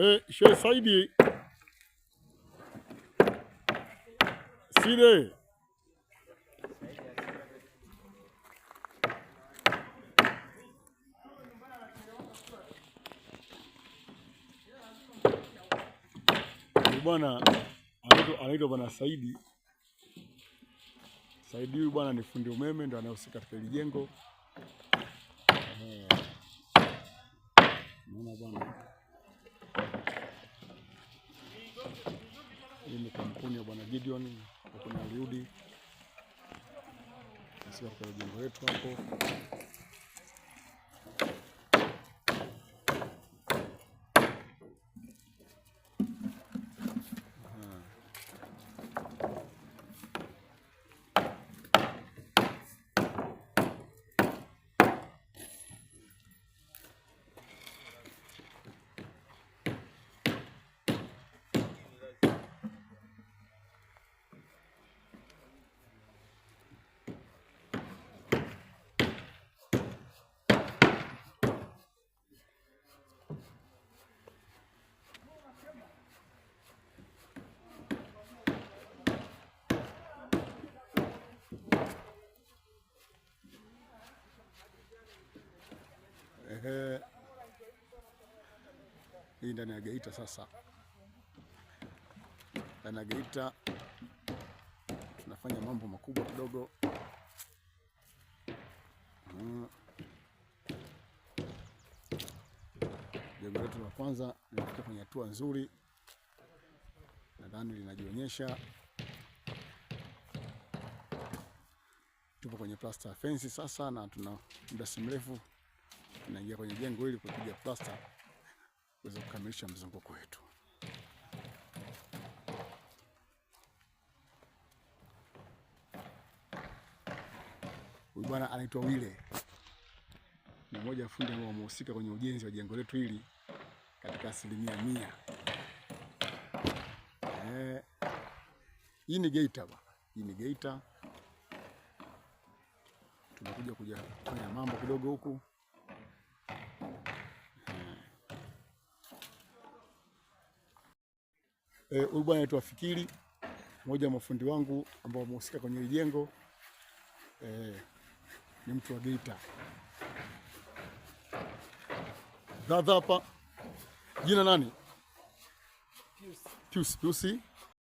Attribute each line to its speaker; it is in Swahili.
Speaker 1: Eh, Sheikh Saidi Sile bwana anaitwa Bwana Saidi Saidi. Huyu bwana ni fundi umeme, ndo anahusika katika hili jengo. Eh. Naona bwana Hii ni kampuni ya Bwana Gideon Aliudi kwa jengo letu hapo. Ehe, hii ndani ya Geita sasa, ndani ya Geita tunafanya mambo makubwa kidogo. Hmm. Jengo letu la kwanza linafika kwenye hatua nzuri, nadhani linajionyesha. Tupo kwenye plaster fence sasa, na tuna muda si mrefu tunaingia kwenye jengo hili kupiga plasta kuweza kukamilisha mzunguko wetu. Huyu bwana anaitwa Wile, ni mmoja wa fundi ambao wamehusika kwenye ujenzi wa jengo letu hili katika asilimia mia. Eh, hii ni Geita bwana, hii ni Geita. Tumekuja kuja kufanya mambo kidogo huku. Eh, huyu bwana anaitwa Fikiri, mmoja wa mafundi wangu ambao wamehusika kwenye jengo e, ni mtu wa Geita. Dada hapa jina nani?
Speaker 2: Piusi. Piusi, Piusi.